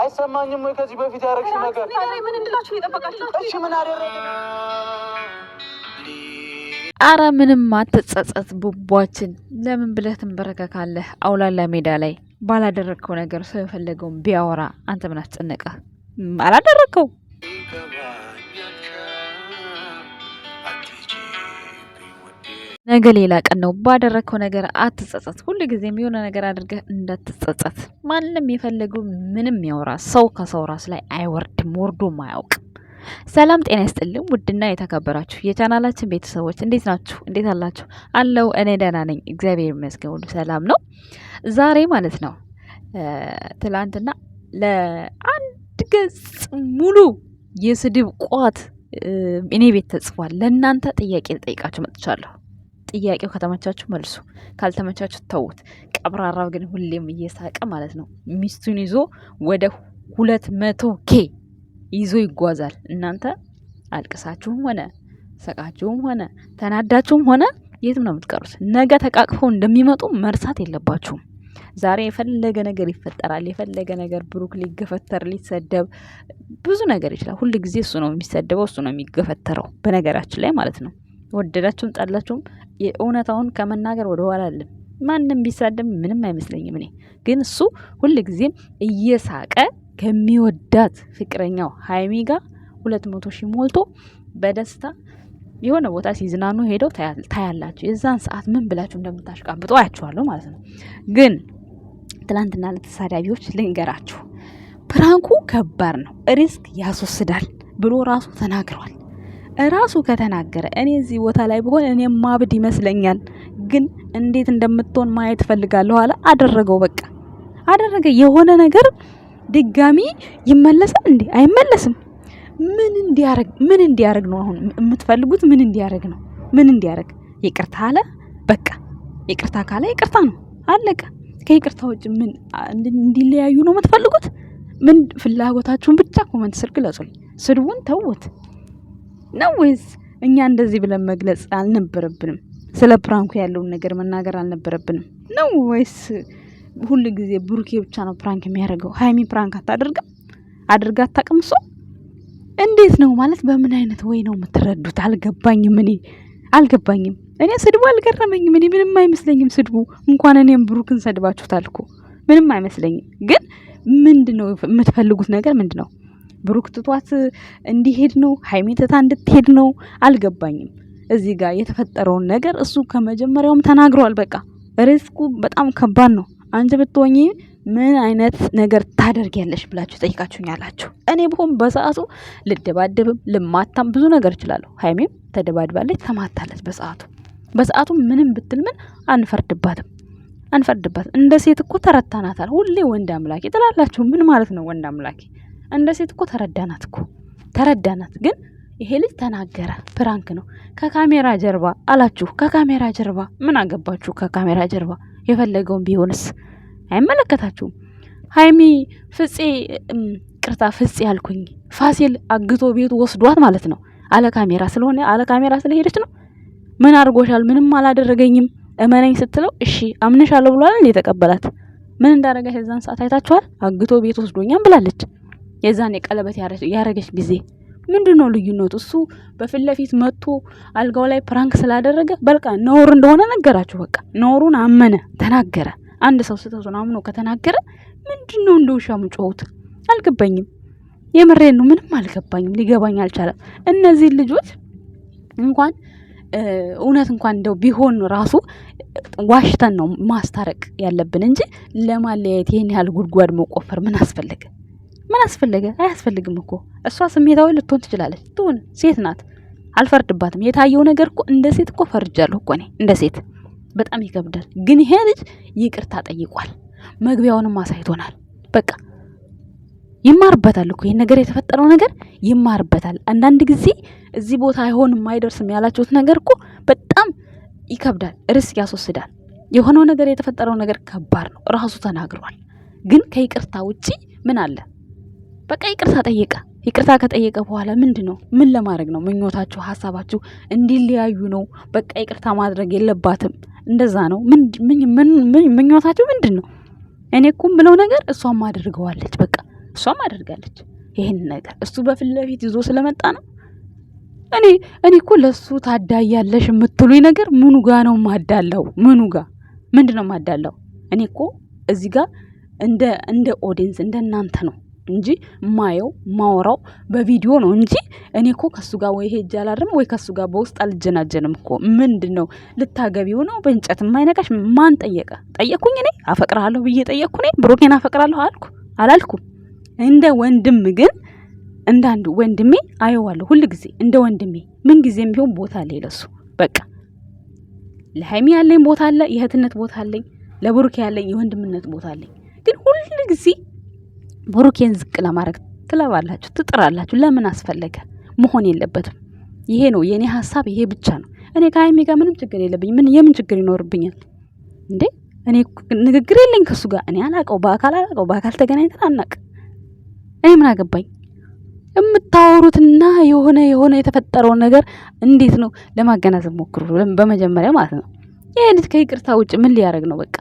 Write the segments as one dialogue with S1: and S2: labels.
S1: አይሰማኝም ወይ? ከዚህ በፊት ያደረግሽ
S2: ነገር ምን እንድላችሁ የጠበቃችሁ?
S1: እሺ ምን አደረግ?
S3: አረ ምንም አትጸጸት ቡቧችን። ለምን ብለህ ትንበረከካለህ? አውላላ ሜዳ ላይ ባላደረግከው ነገር ሰው የፈለገውን ቢያወራ አንተ ምን አስጨነቀህ? አላደረግከው ነገ ሌላ ቀን ነው። ባደረግከው ነገር አትጸጸት። ሁሉ ጊዜም የሆነ ነገር አድርገህ እንዳትጸጸት። ማንም የፈለገው ምንም ያውራ፣ ሰው ከሰው ራስ ላይ አይወርድም፣ ወርዶም አያውቅም። ሰላም ጤና ይስጥልኝ። ውድና የተከበራችሁ የቻናላችን ቤተሰቦች እንዴት ናችሁ? እንዴት አላችሁ? አለው እኔ ደህና ነኝ፣ እግዚአብሔር ይመስገን፣ ሁሉ ሰላም ነው። ዛሬ ማለት ነው ትላንትና ለአንድ ገጽ ሙሉ የስድብ ቋት እኔ ቤት ተጽፏል። ለእናንተ ጥያቄ ልጠይቃችሁ መጥቻለሁ። ጥያቄው ከተመቻችሁ መልሱ፣ ካልተመቻችሁ ተዉት። ቀብራራው ግን ሁሌም እየሳቀ ማለት ነው ሚስቱን ይዞ ወደ ሁለት መቶ ኬ ይዞ ይጓዛል። እናንተ አልቅሳችሁም ሆነ ሰቃችሁም ሆነ ተናዳችሁም ሆነ የትም ነው የምትቀሩት። ነገ ተቃቅፈው እንደሚመጡ መርሳት የለባችሁም። ዛሬ የፈለገ ነገር ይፈጠራል። የፈለገ ነገር ብሩክ ሊገፈተር ሊሰደብ ብዙ ነገር ይችላል። ሁል ጊዜ እሱ ነው የሚሰደበው፣ እሱ ነው የሚገፈተረው። በነገራችን ላይ ማለት ነው ወደዳችሁም ጠላችሁም እውነታውን ከመናገር ኋላ አለም። ማንም ቢሳደብ ምንም አይመስለኝም። እኔ ግን እሱ ጊዜም እየሳቀ ከሚወዳት ፍቅረኛው ሀይሚ ጋር ሁለት መቶ ሺ ሞልቶ በደስታ የሆነ ቦታ ሲዝናኑ ሄደው ታያላችሁ። የዛን ሰዓት ምን ብላችሁ እንደምታሽቃብጡ አያችኋለሁ ማለት ነው። ግን ትላንትና ለተሳዳቢዎች ልንገራችሁ፣ ፕራንኩ ከባድ ነው፣ ሪስክ ያስወስዳል ብሎ ራሱ ተናግሯል። ራሱ ከተናገረ እኔ እዚህ ቦታ ላይ ብሆን እኔ ማብድ ይመስለኛል፣ ግን እንዴት እንደምትሆን ማየት ፈልጋለሁ አለ። አደረገው፣ በቃ አደረገ። የሆነ ነገር ድጋሚ ይመለሳል እንዴ? አይመለስም። ምን እንዲያረግ ምን እንዲያረግ ነው አሁን የምትፈልጉት? ምን እንዲያረግ ነው? ምን እንዲያረግ? ይቅርታ አለ። በቃ ይቅርታ ካለ ይቅርታ ነው፣ አለቀ። ከይቅርታ ውጭ ምን እንዲለያዩ ነው የምትፈልጉት? ምን ፍላጎታችሁን ብቻ ኮመንት ስር ግለጹልኝ። ስድቡን ተውት። ነው ወይስ እኛ እንደዚህ ብለን መግለጽ አልነበረብንም? ስለ ፕራንኩ ያለውን ነገር መናገር አልነበረብንም ነው ወይስ ሁሉ ጊዜ ብሩኬ ብቻ ነው ፕራንክ የሚያደርገው? ሀይሚ ፕራንክ አታደርግም? አድርጋ አታውቅም እሷ። እንዴት ነው ማለት በምን አይነት ወይ ነው የምትረዱት? አልገባኝም። እኔ አልገባኝም። እኔ ስድቡ አልገረመኝም። እኔ ምንም አይመስለኝም ስድቡ። እንኳን እኔም ብሩክን ሰድባችሁታል እኮ ምንም አይመስለኝም። ግን ምንድን ነው የምትፈልጉት ነገር ምንድን ነው? ብሩክ ትቷት እንዲሄድ ነው? ሀይሜ ትታ እንድትሄድ ነው? አልገባኝም። እዚህ ጋር የተፈጠረውን ነገር እሱ ከመጀመሪያውም ተናግሯል። በቃ ሪስኩ በጣም ከባድ ነው። አንቺ ብትሆኚ ምን አይነት ነገር ታደርጊያለሽ ብላችሁ አላችሁ? እኔ ብሆን በሰዓቱ ልደባደብም ልማታም ብዙ ነገር እችላለሁ። ሀይሜም ተደባድባለች፣ ተማታለች በሰዓቱ በሰዓቱ ምንም ብትል ምን አንፈርድባትም አንፈርድባት እንደ ሴት እኮ ተረታናታል። ሁሌ ወንድ አምላኬ ጥላላችሁ ምን ማለት ነው? ወንድ አምላኬ እንደ ሴት እኮ ተረዳናት እኮ ተረዳናት። ግን ይሄ ልጅ ተናገረ፣ ፕራንክ ነው ከካሜራ ጀርባ አላችሁ። ከካሜራ ጀርባ ምን አገባችሁ? ከካሜራ ጀርባ የፈለገውን ቢሆንስ አይመለከታችሁም። ሀይሚ ፍፄ ቅርታ ፍፄ ያልኩኝ ፋሲል አግቶ ቤቱ ወስዷት ማለት ነው። አለ ካሜራ ስለሆነ አለ ካሜራ ስለሄደች ነው። ምን አድርጎሻል? ምንም አላደረገኝም እመነኝ ስትለው እሺ አምንሻለሁ ብሏል። እንዴ ተቀበላት ምን እንዳደረገሽ የዛን ሰዓት አይታችኋል። አግቶ ቤት ወስዶኛም ብላለች። የዛን የቀለበት ያረገች ጊዜ ምንድን ነው ልዩነቱ? እሱ በፊት ለፊት መጥቶ አልጋው ላይ ፕራንክ ስላደረገ በልቃ ነውር እንደሆነ ነገራችሁ። በቃ ነውሩን አመነ፣ ተናገረ። አንድ ሰው ስህተቱን አምኖ ከተናገረ ምንድን ነው እንደ ውሻ ምጮሁት? አልገባኝም። የምሬን ነው። ምንም አልገባኝም። ሊገባኝ አልቻለም። እነዚህ ልጆች እንኳን እውነት እንኳን እንደው ቢሆን ራሱ ዋሽተን ነው ማስታረቅ ያለብን እንጂ ለማለያየት ይህን ያህል ጉድጓድ መቆፈር ምን አስፈለገ? ምን አስፈለገ? አያስፈልግም እኮ እሷ ስሜታዊ ልትሆን ትችላለች። ትሁን፣ ሴት ናት፣ አልፈርድባትም። የታየው ነገር እኮ እንደ ሴት እኮ ፈርጃለሁ እኮ እኔ እንደ ሴት በጣም ይከብዳል። ግን ይሄ ልጅ ይቅርታ ጠይቋል፣ መግቢያውንም አሳይቶናል። በቃ ይማርበታል እኮ ይህን ነገር የተፈጠረው ነገር ይማርበታል። አንዳንድ ጊዜ እዚህ ቦታ አይሆንም አይደርስም ያላችሁት ነገር እኮ በጣም ይከብዳል፣ ርስ ያስወስዳል። የሆነው ነገር የተፈጠረው ነገር ከባድ ነው፣ ራሱ ተናግሯል። ግን ከይቅርታ ውጪ ምን አለ? በቃ ይቅርታ ጠየቀ። ይቅርታ ከጠየቀ በኋላ ምንድን ነው ምን ለማድረግ ነው ምኞታችሁ፣ ሀሳባችሁ እንዲለያዩ ነው? በቃ ይቅርታ ማድረግ የለባትም እንደዛ ነው። ምኞታችሁ ምንድን ነው? እኔ እኮ ምለው ነገር እሷም አድርገዋለች። በቃ እሷም አድርጋለች ይህን ነገር እሱ በፊት ለፊት ይዞ ስለመጣ ነው። እኔ እኔ እኮ ለእሱ ታዳያለሽ የምትሉኝ ነገር ምኑ ጋ ነው ማዳለው? ምኑ ጋ ምንድን ነው ማዳለው? እኔ እኮ እዚህ ጋር እንደ እንደ ኦዲየንስ እንደ እናንተ ነው እንጂ ማየው ማወራው በቪዲዮ ነው እንጂ እኔ እኮ ከሱ ጋር ወይ ሄጅ አላድርም ወይ ከሱ ጋር በውስጥ አልጀናጀንም እኮ ምንድን ነው ልታገቢው ነው በእንጨት የማይነቃሽ ማን ጠየቀ ጠየቅኩኝ እኔ አፈቅርሃለሁ ብዬ ጠየቅኩ እኔ ብሩኬን አፈቅራለሁ አልኩ አላልኩም እንደ ወንድም ግን እንዳንዱ ወንድሜ አየዋለሁ ሁል ጊዜ እንደ ወንድሜ ምን ጊዜም ቢሆን ቦታ አለ ለሱ በቃ ለሀይሚ ያለኝ ቦታ አለ የእህትነት ቦታ አለኝ ለብሩኬ ያለኝ የወንድምነት ቦታ አለኝ ግን ሁል ጊዜ ብሩኬን ዝቅ ለማድረግ ትለባላችሁ፣ ትጥራላችሁ። ለምን አስፈለገ? መሆን የለበትም። ይሄ ነው የእኔ ሀሳብ፣ ይሄ ብቻ ነው። እኔ ከሀይሜ ጋር ምንም ችግር የለብኝ። ምን የምን ችግር ይኖርብኛል እንዴ? እኔ ንግግር የለኝ ከሱ ጋር። እኔ አላቀው፣ በአካል አላቀው፣ በአካል ተገናኝተን አናቅ። እኔ ምን አገባኝ? የምታወሩትና የሆነ የሆነ የተፈጠረውን ነገር እንዴት ነው ለማገናዘብ ሞክሩ፣ በመጀመሪያ ማለት ነው። ይሄ ልጅ ከይቅርታ ውጭ ምን ሊያደርግ ነው? በቃ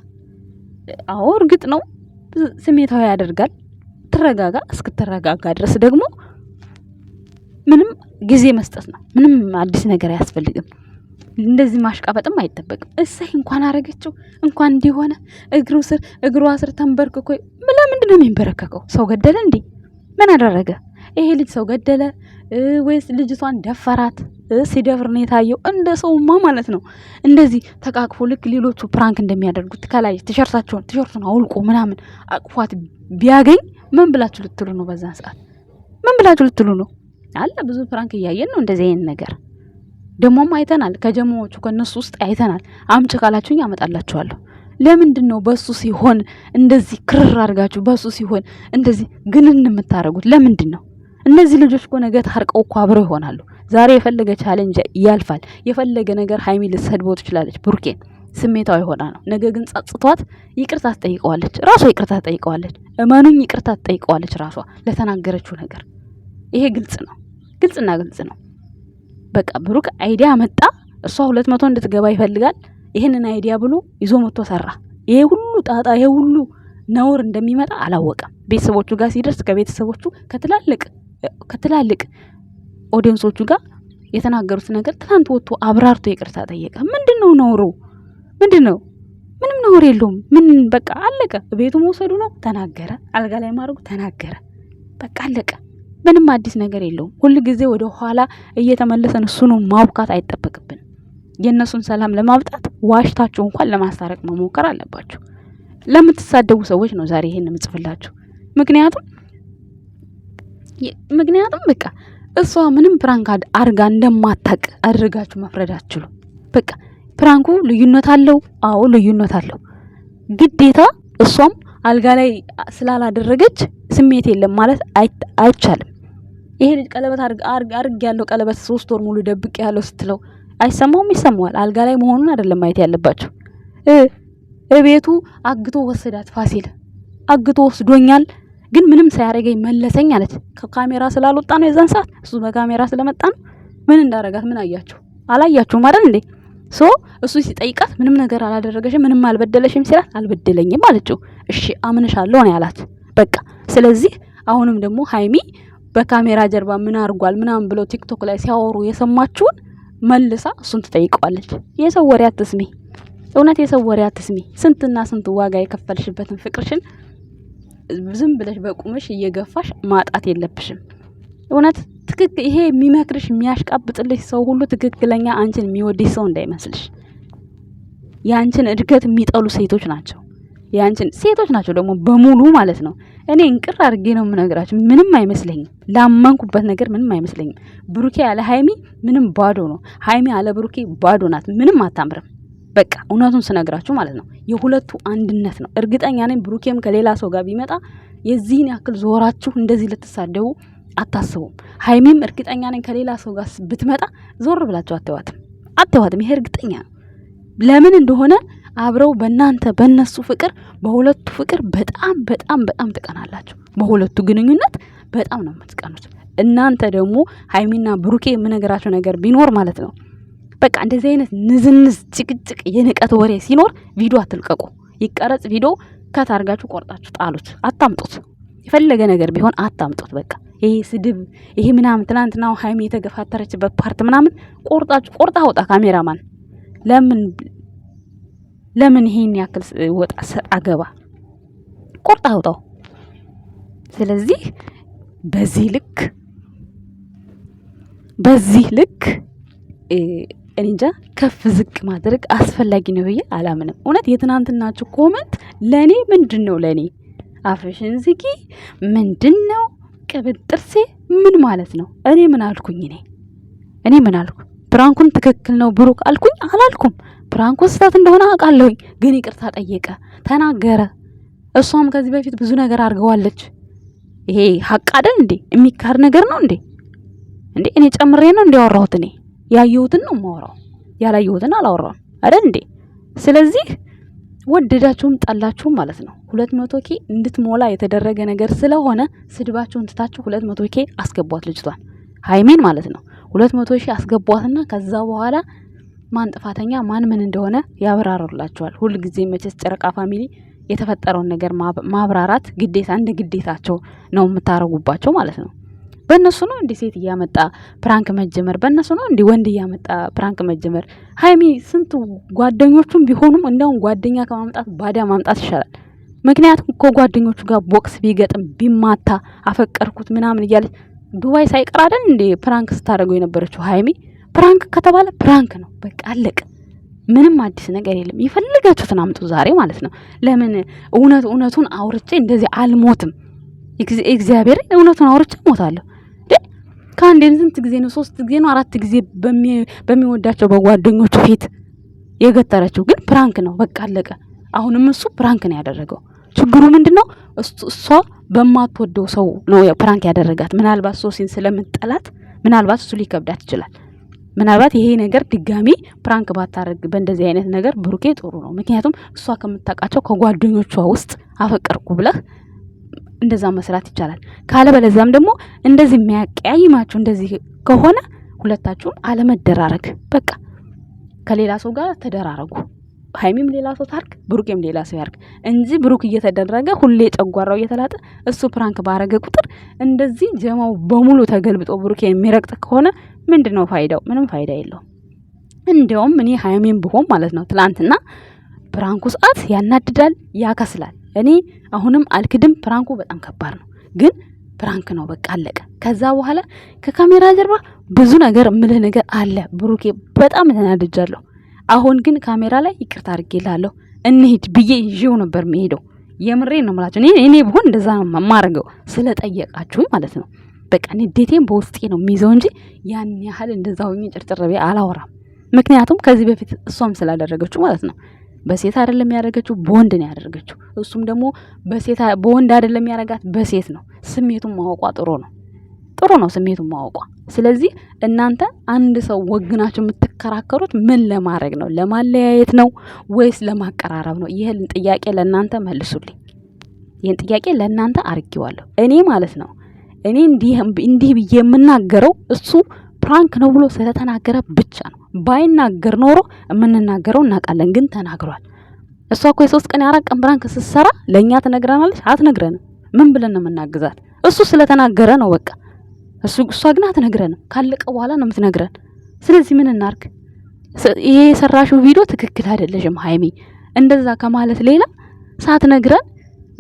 S3: አዎ፣ እርግጥ ነው ስሜታዊ ያደርጋል። ስትረጋጋ እስክትረጋጋ ድረስ ደግሞ ምንም ጊዜ መስጠት ነው። ምንም አዲስ ነገር አያስፈልግም። እንደዚህ ማሽቃበጥም አይጠበቅም። እሰይ እንኳን አረገችው እንኳን እንዲሆነ እግሩ ስር እግሯ ስር ተንበርክኮ ለምንድን ነው የሚንበረከከው? ሰው ገደለ እንዴ? ምን አደረገ ይሄ ልጅ? ሰው ገደለ ወይስ ልጅቷን ደፈራት? ሲደፍር ነው የታየው። እንደ ሰውማ ማለት ነው እንደዚህ ተቃቅፎ ልክ ሌሎቹ ፕራንክ እንደሚያደርጉት ከላይ ቲሸርታቸውን ቲሸርቱን አውልቆ ምናምን አቅፏት ቢያገኝ ምን ብላችሁ ልትሉ ነው? በዛን ሰዓት ምን ብላችሁ ልትሉ ነው? አለ ብዙ ፕራንክ እያየን ነው እንደዚህ አይነት ነገር ደግሞም አይተናል። ከጀማዎቹ ከነሱ ውስጥ አይተናል። አምጭ ካላችሁኝ አመጣላችኋለሁ። ለምንድን ነው በሱ ሲሆን እንደዚህ ክርር አድርጋችሁ በሱ ሲሆን እንደዚህ ግን የምታደርጉት ለምንድን ነው? እነዚህ ልጆች እኮ ነገ ታርቀው እኮ አብረው ይሆናሉ። ዛሬ የፈለገ ቻሌንጅ ያልፋል። የፈለገ ነገር ሀይሚ ልትሰድበው ትችላለች ብሩኬን ስሜታዊ ሆና ነው። ነገ ግን ጸጽቷት ይቅርታ ትጠይቀዋለች። ራሷ ይቅርታ ትጠይቀዋለች። እመኑኝ፣ ይቅርታ ትጠይቀዋለች ራሷ ለተናገረችው ነገር። ይሄ ግልጽ ነው፣ ግልጽና ግልጽ ነው። በቃ ብሩክ አይዲያ መጣ። እሷ ሁለት መቶ እንድትገባ ይፈልጋል። ይህንን አይዲያ ብሎ ይዞ መጥቶ ሰራ። ይሄ ሁሉ ጣጣ፣ ይሄ ሁሉ ነውር እንደሚመጣ አላወቀም። ቤተሰቦቹ ጋር ሲደርስ ከቤተሰቦቹ ከትላልቅ ከትላልቅ ኦዲየንሶቹ ጋር የተናገሩት ነገር ትናንት ወጥቶ አብራርቶ ይቅርታ ጠየቀ። ምንድን ነው ነውሩ? ምንድን ነው? ምንም ነውር የለውም። ምን በቃ አለቀ። ቤቱ መውሰዱ ነው ተናገረ። አልጋ ላይ ማድረጉ ተናገረ። በቃ አለቀ። ምንም አዲስ ነገር የለውም። ሁል ጊዜ ወደ ኋላ እየተመለሰን እሱኑ ማውካት አይጠበቅብን። የእነሱን ሰላም ለማብጣት ዋሽታችሁ እንኳን ለማስታረቅ መሞከር አለባችሁ። ለምትሳደቡ ሰዎች ነው ዛሬ ይሄን የምጽፍላችሁ። ምክንያቱም ምክንያቱም በቃ እሷ ምንም ፕራንክ አድርጋ እንደማታቅ አድርጋችሁ መፍረድ አትችሉም። በቃ ፕራንኩ ልዩነት አለው። አዎ ልዩነት አለው። ግዴታ እሷም አልጋ ላይ ስላላደረገች ስሜት የለም ማለት አይቻልም። ይሄ ልጅ ቀለበት አርግ ያለው ቀለበት ሶስት ወር ሙሉ ደብቅ ያለው ስትለው አይሰማውም? ይሰማዋል። አልጋ ላይ መሆኑን አይደለም ማየት ያለባቸው። እቤቱ አግቶ ወሰዳት ፋሲል። አግቶ ወስዶኛል፣ ግን ምንም ሳያደርገኝ መለሰኝ አለች። ከካሜራ ስላልወጣ ነው የዛን ሰዓት፣ እሱ በካሜራ ስለመጣ ነው። ምን እንዳረጋት ምን አያችሁ? አላያችሁም አይደል እንዴ? ሶ እሱ ሲጠይቃት ምንም ነገር አላደረገሽም፣ ምንም አልበደለሽም ሲላት አልበደለኝም አለችው። እሺ አምንሻለሁ ነው ያላት። በቃ ስለዚህ አሁንም ደግሞ ሀይሚ በካሜራ ጀርባ ምን አርጓል ምናምን ብለው ቲክቶክ ላይ ሲያወሩ የሰማችሁን መልሳ እሱን ትጠይቀዋለች። የሰው ወሬ አትስሚ፣ እውነት የሰው ወሬ አትስሚ። ስንትና ስንት ዋጋ የከፈልሽበትን ፍቅርሽን ዝም ብለሽ በቁምሽ እየገፋሽ ማጣት የለብሽም እውነት ትክክል ይሄ የሚመክርሽ የሚያሽቃብጥልሽ ሰው ሁሉ ትክክለኛ አንቺን የሚወድሽ ሰው እንዳይመስልሽ። የአንቺን እድገት የሚጠሉ ሴቶች ናቸው። የአንቺን ሴቶች ናቸው ደግሞ በሙሉ ማለት ነው። እኔ እንቅር አድርጌ ነው የምነግራቸው። ምንም አይመስለኝም፣ ላመንኩበት ነገር ምንም አይመስለኝም። ብሩኬ ያለ ሀይሚ ምንም ባዶ ነው። ሀይሚ ያለ ብሩኬ ባዶ ናት። ምንም አታምርም። በቃ እውነቱን ስነግራችሁ ማለት ነው። የሁለቱ አንድነት ነው። እርግጠኛ ነኝ ብሩኬም ከሌላ ሰው ጋር ቢመጣ የዚህን ያክል ዞራችሁ እንደዚህ ልትሳደቡ አታስቡም። ሀይሚም እርግጠኛ ነኝ ከሌላ ሰው ጋር ብትመጣ ዞር ብላችሁ አተዋትም አተዋትም። ይሄ እርግጠኛ ነው። ለምን እንደሆነ አብረው በእናንተ በእነሱ ፍቅር በሁለቱ ፍቅር በጣም በጣም በጣም ትቀናላችሁ። በሁለቱ ግንኙነት በጣም ነው የምትቀኑት። እናንተ ደግሞ ሀይሚና ብሩኬ የምነገራቸው ነገር ቢኖር ማለት ነው በቃ እንደዚህ አይነት ንዝንዝ፣ ጭቅጭቅ፣ የንቀት ወሬ ሲኖር ቪዲዮ አትልቀቁ። ይቀረጽ ቪዲዮ ከታርጋችሁ ቆርጣችሁ ጣሉት፣ አታምጡት። የፈለገ ነገር ቢሆን አታምጡት። በቃ ይሄ ስድብ፣ ይሄ ምናምን ትናንትና ሀይሚ የተገፋተረችበት ፓርት ምናምን ቆርጣችሁ ቆርጣ አውጣ ካሜራማን። ለምን ለምን ይሄን ያክል ወጣ አገባ ቆርጣ አውጣው። ስለዚህ በዚህ ልክ በዚህ ልክ እንጃ ከፍ ዝቅ ማድረግ አስፈላጊ ነው ብዬ አላምንም። እውነት የትናንትናችሁ ኮመንት ለእኔ ምንድን ነው ለእኔ አፍሽን ዝጊ። ምንድን ነው ቅብን ጥርሴ? ምን ማለት ነው? እኔ ምን አልኩኝ? እኔ እኔ ምን አልኩ? ፕራንኩን ትክክል ነው ብሩክ አልኩኝ አላልኩም? ፕራንኩ ስህተት እንደሆነ አውቃለሁኝ፣ ግን ይቅርታ ጠየቀ፣ ተናገረ። እሷም ከዚህ በፊት ብዙ ነገር አድርገዋለች። ይሄ ሀቅ አይደል እንዴ? የሚካድ ነገር ነው እንዴ? እንዴ እኔ ጨምሬ ነው እንዲያወራሁት? እኔ ያየሁትን ነው የማወራው፣ ያላየሁትን አላወራም አይደል እንዴ? ስለዚህ ወደዳችሁም ጠላችሁም ማለት ነው ሁለት መቶ ኬ እንድትሞላ የተደረገ ነገር ስለሆነ ስድባችሁን ትታችሁ ሁለት መቶ ኬ አስገቧት ልጅቷን ሀይሜን ማለት ነው ሁለት መቶ ሺህ አስገቧትና ከዛ በኋላ ማን ጥፋተኛ ማን ምን እንደሆነ ያብራሩላችኋል። ጊዜ መቼስ ጨረቃ ፋሚሊ የተፈጠረውን ነገር ማብራራት ግዴታ እንደ ግዴታቸው ነው የምታረጉባቸው ማለት ነው። በእነሱ ነው እንዲህ ሴት እያመጣ ፕራንክ መጀመር፣ በእነሱ ነው እንዲህ ወንድ እያመጣ ፕራንክ መጀመር። ሀይሚ ስንት ጓደኞቹም ቢሆኑም እንደውም ጓደኛ ከማምጣት ባዳ ማምጣት ይሻላል። ምክንያቱም ከጓደኞቹ ጓደኞቹ ጋር ቦክስ ቢገጥም ቢማታ አፈቀርኩት ምናምን እያለች ዱባይ ሳይቀር አይደል እንዴ ፕራንክ ስታደርገው የነበረችው ሀይሚ። ፕራንክ ከተባለ ፕራንክ ነው በቃ አለቅ። ምንም አዲስ ነገር የለም። የፈለጋችሁትን አምጡ ዛሬ ማለት ነው። ለምን እውነት እውነቱን አውርቼ እንደዚህ አልሞትም። እግዚአብሔር እውነቱን አውርቼ ሞታለሁ። ከአንዴም ስንት ጊዜ ነው? ሶስት ጊዜ ነው፣ አራት ጊዜ በሚወዳቸው በጓደኞቹ ፊት የገጠረችው። ግን ፕራንክ ነው፣ በቃ አለቀ። አሁንም እሱ ፕራንክ ነው ያደረገው። ችግሩ ምንድን ነው? እሷ በማትወደው ሰው ነው ፕራንክ ያደረጋት። ምናልባት ሶሲን ስለምጠላት ምናልባት እሱ ሊከብዳት ይችላል። ምናልባት ይሄ ነገር ድጋሚ ፕራንክ ባታረግ በእንደዚህ አይነት ነገር ብሩኬ ጥሩ ነው። ምክንያቱም እሷ ከምታውቃቸው ከጓደኞቿ ውስጥ አፈቀርኩ ብለህ እንደዛ መስራት ይቻላል። ካለበለዚያም ደግሞ እንደዚህ የሚያቀያይማችሁ እንደዚህ ከሆነ ሁለታችሁም አለመደራረግ በቃ ከሌላ ሰው ጋር ተደራረጉ። ሀይሚም ሌላ ሰው ታርክ፣ ብሩኬም ሌላ ሰው ያርግ እንጂ ብሩክ እየተደረገ ሁሌ ጨጓራው እየተላጠ እሱ ፕራንክ ባረገ ቁጥር እንደዚህ ጀማው በሙሉ ተገልብጦ ብሩኬ የሚረግጥ ከሆነ ምንድን ነው ፋይዳው? ምንም ፋይዳ የለውም። እንዲያውም እኔ ሀይሚም ብሆን ማለት ነው ትላንትና ፕራንኩ ሰዓት ያናድዳል፣ ያከስላል እኔ አሁንም አልክድም፣ ፕራንኩ በጣም ከባድ ነው፣ ግን ፕራንክ ነው፣ በቃ አለቀ። ከዛ በኋላ ከካሜራ ጀርባ ብዙ ነገር ምልህ ነገር አለ ብሩኬ፣ በጣም ተናድጃለሁ። አሁን ግን ካሜራ ላይ ይቅርታ አድርጌልሃለሁ፣ እንሂድ ብዬ ይዤው ነበር የሚሄደው። የምሬ ነው የምላችሁ። እኔ እኔ ብሆን እንደዛ ነው የማደርገው፣ ስለጠየቃችሁ ማለት ነው። በቃ ንዴቴን በውስጤ ነው የሚይዘው እንጂ ያን ያህል እንደዛ ሆኜ ጭርጭር አላወራም። ምክንያቱም ከዚህ በፊት እሷም ስላደረገችው ማለት ነው። በሴት አይደለም ያደረገችው፣ በወንድ ነው ያደረገችው። እሱም ደግሞ በሴት በወንድ አይደለም ያደረጋት፣ በሴት ነው። ስሜቱን ማወቋ ጥሩ ነው፣ ጥሩ ነው ስሜቱን ማወቋ። ስለዚህ እናንተ አንድ ሰው ወግናችሁ የምትከራከሩት ምን ለማድረግ ነው? ለማለያየት ነው ወይስ ለማቀራረብ ነው? ይህን ጥያቄ ለእናንተ መልሱልኝ። ይህን ጥያቄ ለእናንተ አርጌዋለሁ እኔ ማለት ነው። እኔ እንዲህ ብዬ የምናገረው እሱ ፕራንክ ነው ብሎ ስለተናገረ ብቻ ነው። ባይናገር ኖሮ የምንናገረው እናውቃለን፣ ግን ተናግሯል። እሷ እኮ የሶስት ቀን የአራት ቀን ፕራንክ ስትሰራ ለእኛ ትነግረናለች? አትነግረንም። ምን ብለን ነው የምናግዛት? እሱ ስለተናገረ ነው በቃ። እሱ እሷ ግን አትነግረንም። ካለቀ በኋላ ነው የምትነግረን። ስለዚህ ምን እናርግ? ይሄ የሰራሽው ቪዲዮ ትክክል አይደለሽም ሀይሚ፣ እንደዛ ከማለት ሌላ ሳትነግረን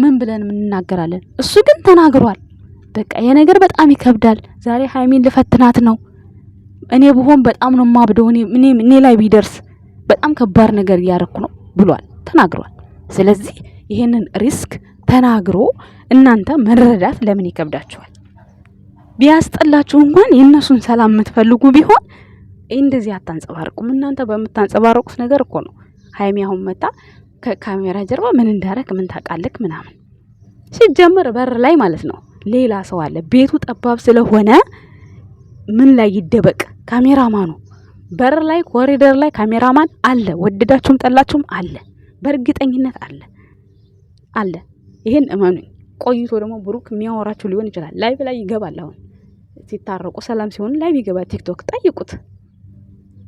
S3: ምን ብለን እንናገራለን? እሱ ግን ተናግሯል። በቃ ነገር በጣም ይከብዳል። ዛሬ ሀይሚን ልፈትናት ነው። እኔ ብሆን በጣም ነው ማብደው እኔ ላይ ቢደርስ በጣም ከባድ ነገር እያረኩ ነው ብሏል ተናግሯል። ስለዚህ ይሄንን ሪስክ ተናግሮ እናንተ መረዳት ለምን ይከብዳችኋል? ቢያስጠላችሁ እንኳን የእነሱን ሰላም የምትፈልጉ ቢሆን እንደዚህ አታንጸባርቁም። እናንተ በምታንጸባርቁት ነገር እኮ ነው ሀይሚ አሁን መጣ ከካሜራ ጀርባ ምን እንዳረክ ምን ታውቃለክ ምናምን ሲጀምር በር ላይ ማለት ነው ሌላ ሰው አለ። ቤቱ ጠባብ ስለሆነ ምን ላይ ይደበቅ ካሜራማኑ በር ላይ ኮሪደር ላይ ካሜራማን አለ። ወደዳችሁም ጠላችሁም አለ፣ በእርግጠኝነት አለ አለ። ይሄን እመኑኝ። ቆይቶ ደግሞ ብሩክ የሚያወራችሁ ሊሆን ይችላል። ላይቭ ላይ ይገባል። አሁን ሲታረቁ ሰላም ሲሆኑ ላይቭ ይገባል። ቲክቶክ ጠይቁት፣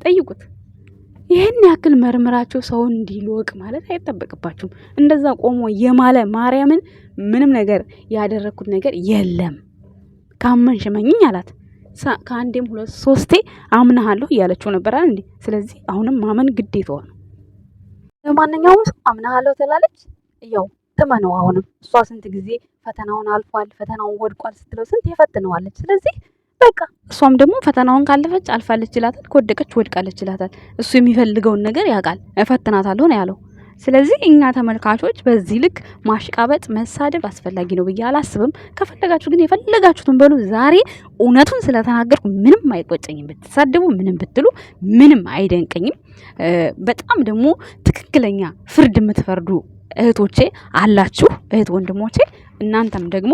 S3: ጠይቁት። ይህን ያክል መርምራችሁ ሰውን እንዲልወቅ ማለት አይጠበቅባችሁም። እንደዛ ቆሞ የማለ ማርያምን ምንም ነገር ያደረግኩት ነገር የለም ካመን ሽመኝኝ አላት። ከአንዴም ሁለት ሶስቴ አምናሃለሁ እያለችው ነበር አይደል እንዴ? ስለዚህ አሁንም ማመን ግዴታዋ ነው። ለማንኛውም አምናሃለሁ ትላለች፣ ያው ትመነው። አሁንም እሷ ስንት ጊዜ ፈተናውን አልፏል፣ ፈተናውን ወድቋል ስትለው ስንት የፈትነዋለች። ስለዚህ በቃ እሷም ደግሞ ፈተናውን ካለፈች አልፋለች ይላታል፣ ከወደቀች ወድቃለች ይላታል። እሱ የሚፈልገውን ነገር ያውቃል። እፈትናታለሁ ነው ያለው። ስለዚህ እኛ ተመልካቾች በዚህ ልክ ማሽቃበጥ፣ መሳደብ አስፈላጊ ነው ብዬ አላስብም። ከፈለጋችሁ ግን የፈለጋችሁትን በሉ። ዛሬ እውነቱን ስለተናገርኩ ምንም አይቆጨኝም። ብትሳደቡ፣ ምንም ብትሉ ምንም አይደንቀኝም። በጣም ደግሞ ትክክለኛ ፍርድ የምትፈርዱ እህቶቼ አላችሁ፣ እህት ወንድሞቼ። እናንተም ደግሞ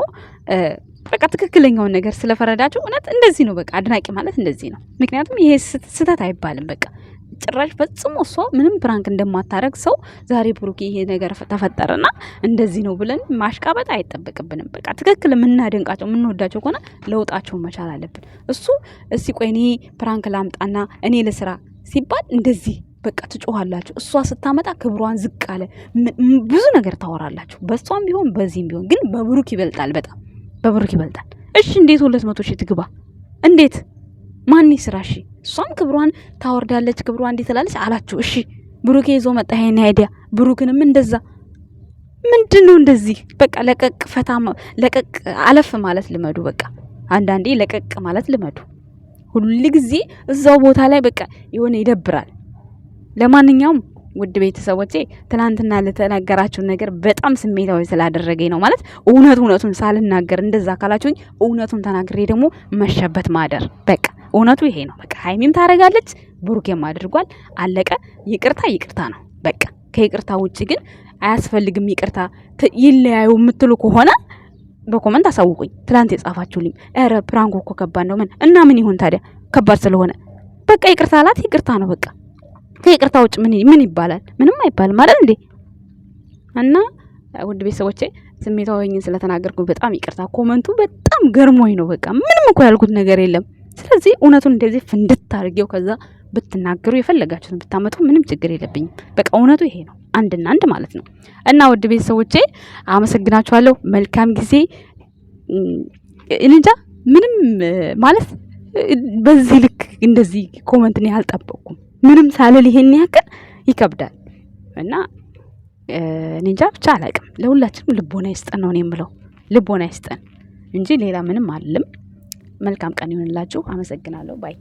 S3: በቃ ትክክለኛውን ነገር ስለፈረዳችሁ እውነት እንደዚህ ነው። በቃ አድናቂ ማለት እንደዚህ ነው። ምክንያቱም ይሄ ስህተት አይባልም። በቃ ጭራሽ ፈጽሞ እሷ ምንም ፕራንክ እንደማታረግ ሰው ዛሬ ብሩክ ይሄ ነገር ተፈጠረና እንደዚህ ነው ብለን ማሽቃበጥ አይጠበቅብንም። በቃ ትክክል የምናደንቃቸው የምንወዳቸው ከሆነ ለውጣቸው መቻል አለብን። እሱ እስቲ ቆይ እኔ ፕራንክ ላምጣና እኔ ለስራ ሲባል እንደዚህ በቃ ትጮኋላችሁ። እሷ ስታመጣ ክብሯን ዝቅ አለ፣ ብዙ ነገር ታወራላችሁ። በእሷም ቢሆን በዚህም ቢሆን ግን በብሩክ ይበልጣል፣ በጣም በብሩክ ይበልጣል። እሺ እንዴት ሁለት መቶ ሺህ ትግባ እንዴት ማን ይስራ? እሺ እሷም ክብሯን ታወርዳለች፣ ክብሯ እንዲህ ትላለች አላችሁ። እሺ ብሩኬ ይዞ መጣ ይሄን አይዲያ። ብሩክንም እንደዛ ምንድን ነው እንደዚህ በቃ ለቀቅ ፈታ፣ ለቀቅ አለፍ ማለት ልመዱ። በቃ አንዳንዴ ለቀቅ ማለት ልመዱ። ሁሉ ጊዜ እዛው ቦታ ላይ በቃ የሆነ ይደብራል። ለማንኛውም ውድ ቤተሰቦቼ ትናንትና ለተነገራችሁ ነገር በጣም ስሜታዊ ስላደረገኝ ነው። ማለት እውነት እውነቱን ሳልናገር እንደዛ ካላችሁኝ እውነቱን ተናግሬ ደግሞ መሸበት ማደር በቃ እውነቱ ይሄ ነው። በቃ ሀይሚም ታደርጋለች፣ ብሩኬም አድርጓል። አለቀ። ይቅርታ ይቅርታ ነው በቃ። ከይቅርታ ውጭ ግን አያስፈልግም። ይቅርታ ይለያዩ የምትሉ ከሆነ በኮመንት አሳውቁኝ። ትላንት የጻፋችሁልኝ ኧረ ፕራንኮ እኮ ከባድ ነው ምን እና ምን ይሁን ታዲያ ከባድ ስለሆነ በቃ ይቅርታ አላት። ይቅርታ ነው በቃ። ከይቅርታ ውጭ ምን ምን ይባላል? ምንም አይባልም ማለት እንዴ? እና ውድ ቤተሰቦቼ ስሜታዊ ስለተናገርኩ በጣም ይቅርታ። ኮመንቱ በጣም ገርሞኝ ነው በቃ ምንም እኮ ያልኩት ነገር የለም። ስለዚህ እውነቱን እንደዚህ ፍንድት አድርጌው ከዛ ብትናገሩ የፈለጋችሁትን ብታመጡ ምንም ችግር የለብኝም። በቃ እውነቱ ይሄ ነው፣ አንድና አንድ ማለት ነው። እና ውድ ቤተሰቦቼ አመሰግናችኋለሁ። መልካም ጊዜ። እንጃ ምንም ማለት በዚህ ልክ እንደዚህ ኮመንት እኔ አልጠበቅኩም። ምንም ሳልል ይሄን ያክል ይከብዳል እና እንጃ ብቻ አላቅም። ለሁላችንም ልቦና ይስጠን ነው እኔ የምለው ልቦና ይስጠን እንጂ ሌላ ምንም አልልም። መልካም ቀን ይሁንላችሁ። አመሰግናለሁ ባይ